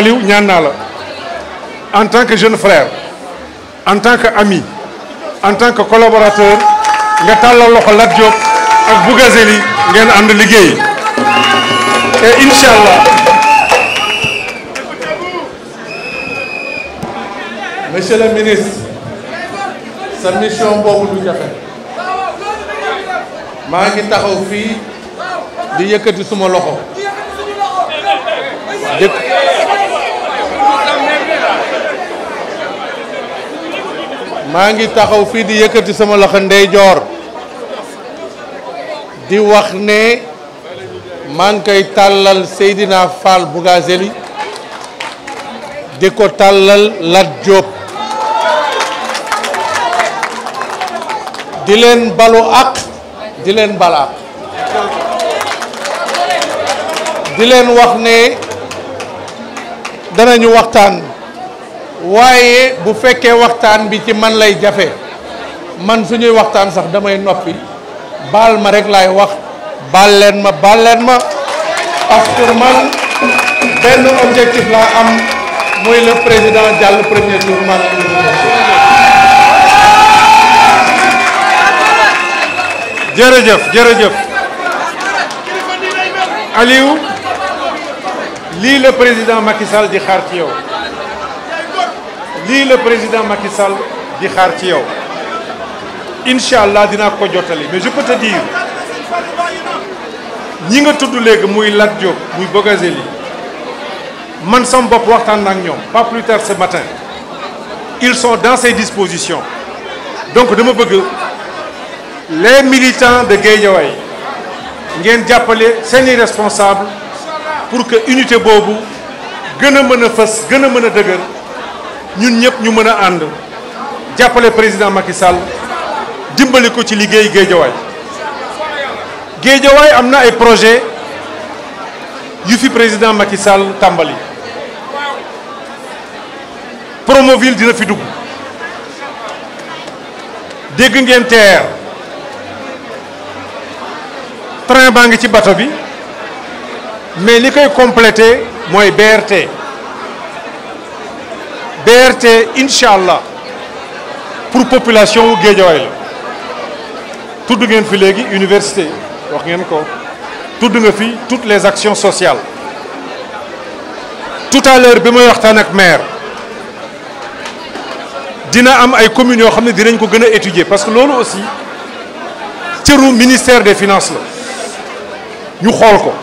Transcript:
Aliou ñaan en tant que jeune frère en tant qu'ami, en tant que collaborateur nga talal loxo la Diop ak Bougazeli ngén and et inchallah monsieur le ministre sa mission bobu du jafe Ma ngi taxaw fi di yëkëti suma loxo. mangi taxaw fi di yëkëti sama loxo ndeyjoor di wax ne maa ngi koy tàllal Fall Bougazeli di talal la Lat Diop di len balu ak di len bala di len wax ne danañu waxtaan waye bu fekke waxtaan bi ci man lay jafe man suñuy waxtaan sax damay nopi bal ma rek lay wax bal len ma bal len ma parce que man ben objectif la am moy le président jàll premier tour man jerejeuf jerejeuf Aliou li le président Macky Sall di xaar ci yow le le président Macky Sall di xaar ci yow inshallah dina ko jotali mais je peux te dire ñi nga tudd léegi muy Lat Diop muy Bogazeli man sam bopp waxtan nak ñom pas plus tard ce matin ils sont dans ses dispositions donc dama bëgg les militants de Guédiawaye ngeen c'est les responsable pour que unité Bobu gëna mëna fess gëna ne me ñun ñëpp ñu mën a ànd jàppale président Macky Sall dimbali ko ci liggéey géejawaay géejawaay am na ay projet yu fi président Macky Sall tàmbali Promoville dina fi dugg dégg ngeen TER train baa ngi ci bato bi mais li koy complété mooy BRT BRT Inch'Allah, pour la population ce Géejawaay tout tudd ngeen fi l'université. université wax ngeen ko est nga fi toutes les actions sociales tout à l'heure je suis avec ak maire dina am ay communes yoo xam ne dinañ ko étudier parce que nous aussi le ministère des finances Nous ñu xool